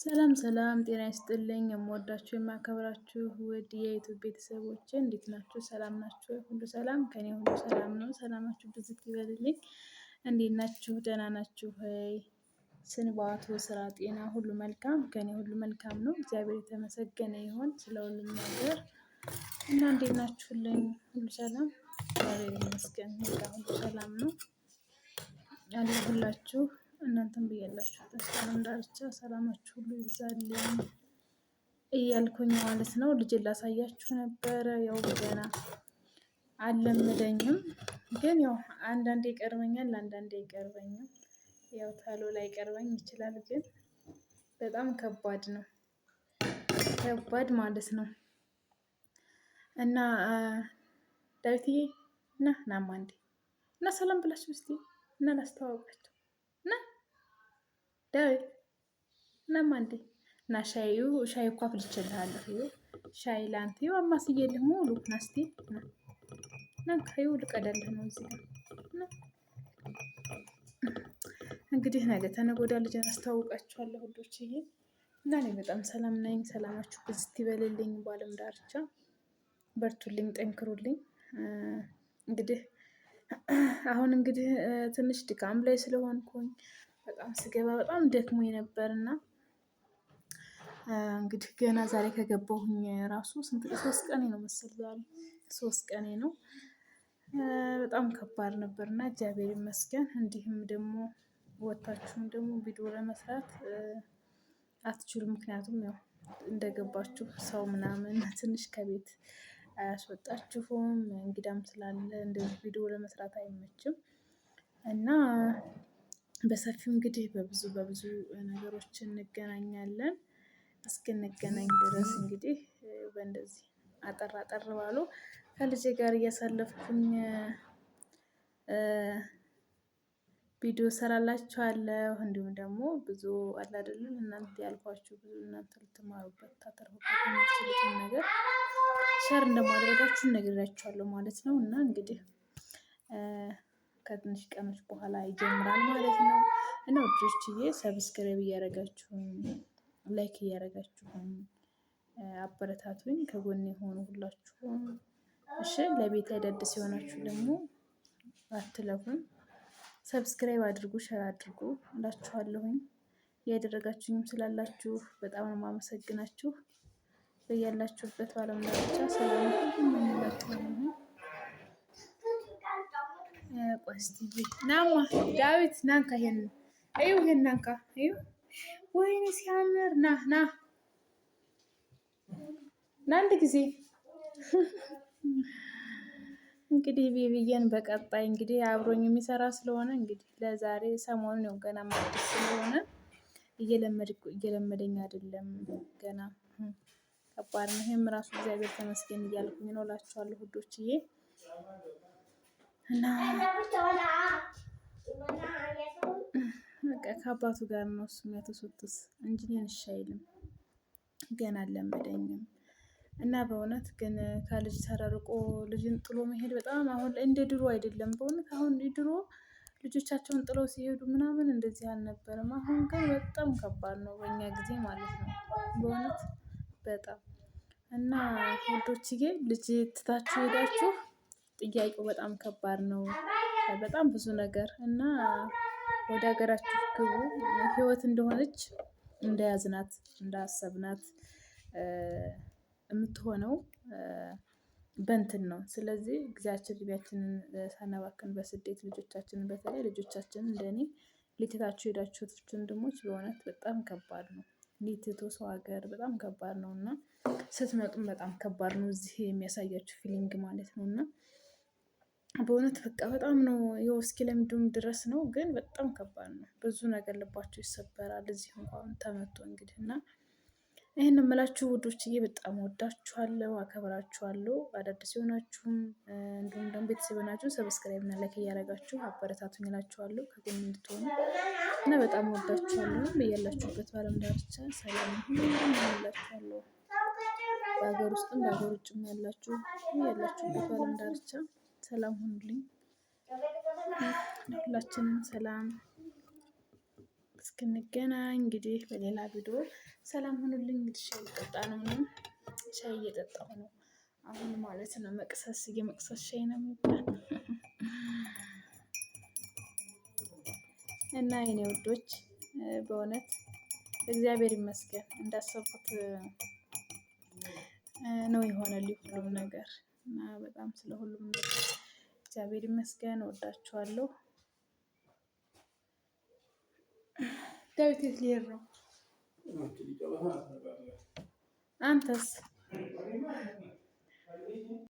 ሰላም ሰላም፣ ጤና ይስጥልኝ። የምወዳችሁ የማከብራችሁ ውድ የዩቱብ ቤተሰቦች እንዴት ናችሁ? ሰላም ናችሁ? ሁሉ ሰላም ከኔ ሁሉ ሰላም ነው። ሰላማችሁ ብዙ ይበልልኝ። እንዴት ናችሁ? ደህና ናችሁ? ስንባቱ፣ ስራ፣ ጤና ሁሉ መልካም ከኔ ሁሉ መልካም ነው። እግዚአብሔር የተመሰገነ ይሆን ስለ ሁሉም ነገር እና እንዴት ናችሁልኝ? ሁሉ ሰላም እግዚአብሔር ይመስገን፣ ሁሉ ሰላም ነው ያለሁላችሁ እናንተም ብያላችሁ ተስፋ ዳርቻ ሰላማችሁ ሁሉ ይብዛልኝ እያልኩኝ ማለት ነው። ልጅ ላሳያችሁ ነበረ። ያው ገና አለምደኝም፣ ግን ያው አንዳንዴ ይቀርበኛል፣ ለአንዳንዴ አይቀርበኝም። ያው ታሎ ላይ ይችላል፣ ግን በጣም ከባድ ነው ከባድ ማለት ነው። እና ዳዊትዬ እና ናማንዴ እና ሰላም ብላችሁ እስቲ እና ላስተዋወቃችሁ ዳዊት እናማ እንዴ እና ሻዩ ሻይ እኮ አፍልቼልሃለሁ። ሻይ ላንተ ይኸው አማስዬልህ ሙሉ ናስቲ ካዩ ልቀዳልህ ነው እዚህ ጋር እንግዲህ ነገ ተነገ ወዲያ ልጅን አስተዋውቃችኋለሁ ሁዶችዬ። እና እኔ በጣም ሰላም ነኝ። ሰላማችሁ ብዝት ይበልልኝ። በዓለም ዳርቻ በርቱልኝ፣ ጠንክሩልኝ። እንግዲህ አሁን እንግዲህ ትንሽ ድካም ላይ ስለሆንኩኝ በጣም ስገባ በጣም ደክሞ ነበር እና እንግዲህ ገና ዛሬ ከገባሁኝ ራሱ ስንት ሶስት ቀኔ ነው መሰለኝ ዛሬ ሶስት ቀኔ ነው። በጣም ከባድ ነበር እና እግዚአብሔር ይመስገን። እንዲሁም ደግሞ ወታችሁም ደግሞ ቪዲዮ ለመስራት አትችሉም። ምክንያቱም ያው እንደገባችሁ ሰው ምናምን ትንሽ ከቤት አያስወጣችሁም። እንግዳም ስላለ እንደዚህ ቪዲዮ ለመስራት አይመችም እና በሰፊው እንግዲህ በብዙ በብዙ ነገሮች እንገናኛለን። እስክንገናኝ ድረስ እንግዲህ በእንደዚህ አጠር አጠር ባሉ ከልጄ ጋር እያሳለፍኩኝ ቪዲዮ ሰራላችኋለሁ። እንዲሁም ደግሞ ብዙ አላደለም እናንተ ያልኳችሁ ብዙ እናንተ ልትማሩበት ታተርፉበት የምትችሉትን ነገር ሸር እንደማድረጋችሁ እነግራችኋለሁ ማለት ነው እና እንግዲህ ከትንሽ ቀኖች በኋላ ይጀምራል ማለት ነው እና ውዶችዬ ሰብስክራይብ እያደረጋችሁን ላይክ እያደረጋችሁን አበረታቱኝ ከጎን የሆኑ ሁላችሁም። እሺ ለቤት አዳዲስ የሆናችሁ ደግሞ አትለፉም፣ ሰብስክራይብ አድርጉ፣ ሸር አድርጉ እላችኋለሁኝ። እያደረጋችሁኝም ስላላችሁ በጣም ነው የማመሰግናችሁ። በያላችሁበት ባለሙያ ሰላም ሁሉ ቆስቲ ናማ ዳዊት ናንካ ይሄን እዩ ይሄን ናንካ እዩ። ወይኔ ሲያምር! ና ና አንድ ጊዜ እንግዲህ ቤቢዬን በቀጣይ እንግዲህ አብሮኝ የሚሰራ ስለሆነ እንግዲህ ለዛሬ ሰሞኑን ያው ገና ማድረግ ስለሆነ እየለመደኝ አይደለም ገና ከባድ ነው። ይህም ራሱ እግዚአብሔር ተመስገን እያልኩኝ ነው እላችኋለሁ ውዶችዬ። እና በቃ ከአባቱ ጋር ነው እሱም ያተሰጡት እንጂ እሺ አይልም። ገና አልለመደኝም። እና በእውነት ግን ከልጅ ተራርቆ ልጅን ጥሎ መሄድ በጣም አሁን እንደ ድሮ አይደለም። በእውነት አሁን ድሮ ልጆቻቸውን ጥለው ሲሄዱ ምናምን እንደዚህ አልነበረም። አሁን ግን በጣም ከባድ ነው፣ በእኛ ጊዜ ማለት ነው። በእውነት በጣም እና ወዶችዬ ልጅ ትታችሁ ሄዳችሁ ጥያቄው በጣም ከባድ ነው። በጣም ብዙ ነገር እና ወደ ሀገራችሁ ግቡ። ህይወት እንደሆነች እንደያዝናት እንዳሰብናት የምትሆነው በንትን ነው። ስለዚህ ጊዜያችን እድሜያችንን ሳናባክን በስደት ልጆቻችንን በተለይ ልጆቻችንን እንደኔ ልትታችሁ ሄዳችሁት ወንድሞች በእውነት በጣም ከባድ ነው። ሊትቶ ሰው ሀገር በጣም ከባድ ነው እና ስትመጡም በጣም ከባድ ነው። እዚህ የሚያሳያችሁ ፊሊንግ ማለት ነው እና በእውነት በቃ በጣም ነው ይኸው እስኪለምዱም ድረስ ነው። ግን በጣም ከባድ ነው። ብዙ ነገር ልባቸው ይሰበራል። እዚህ እንኳን ተመቶ እንግዲህ እና ይህን የምላችሁ ውዶችዬ በጣም ወዳችኋለሁ፣ አከብራችኋለሁ። አዳዲስ የሆናችሁም እንዲሁም ደግሞ ቤተሰብ የሆናችሁ ሰብስክራይብ እና ላይክ እያደረጋችሁ አበረታቱኝ እላችኋለሁ ከጎን እንድትሆኑ እና በጣም ወዳችኋለሁ። እያላችሁበት ባለም ዳርቻ ሰላም ሁላችኋለሁ። በሀገር ውስጥም በሀገር ውጭም ያላችሁ ያላችሁበት ባለም ዳርቻ ሰላም ሁኑልኝ። ሁላችንም ሰላም እስክንገናኝ እንግዲህ በሌላ ቪዲዮ ሰላም ሁኑልኝ። እንግዲህ ሻይ እየጠጣ ነው፣ እኔም ሻይ እየጠጣሁ ነው አሁን ማለት ነው። መቅሰስ እየመቅሰስ ሻይ ነው የሚባል እና የኔ ውዶች በእውነት እግዚአብሔር ይመስገን እንዳሰብኩት ነው የሆነልኝ ሁሉም ነገር። እና በጣም ስለ ሁሉም እግዚአብሔር ይመስገን። ወዳችኋለሁ። ዳዊት የት ሊሄድ ነው? አንተስ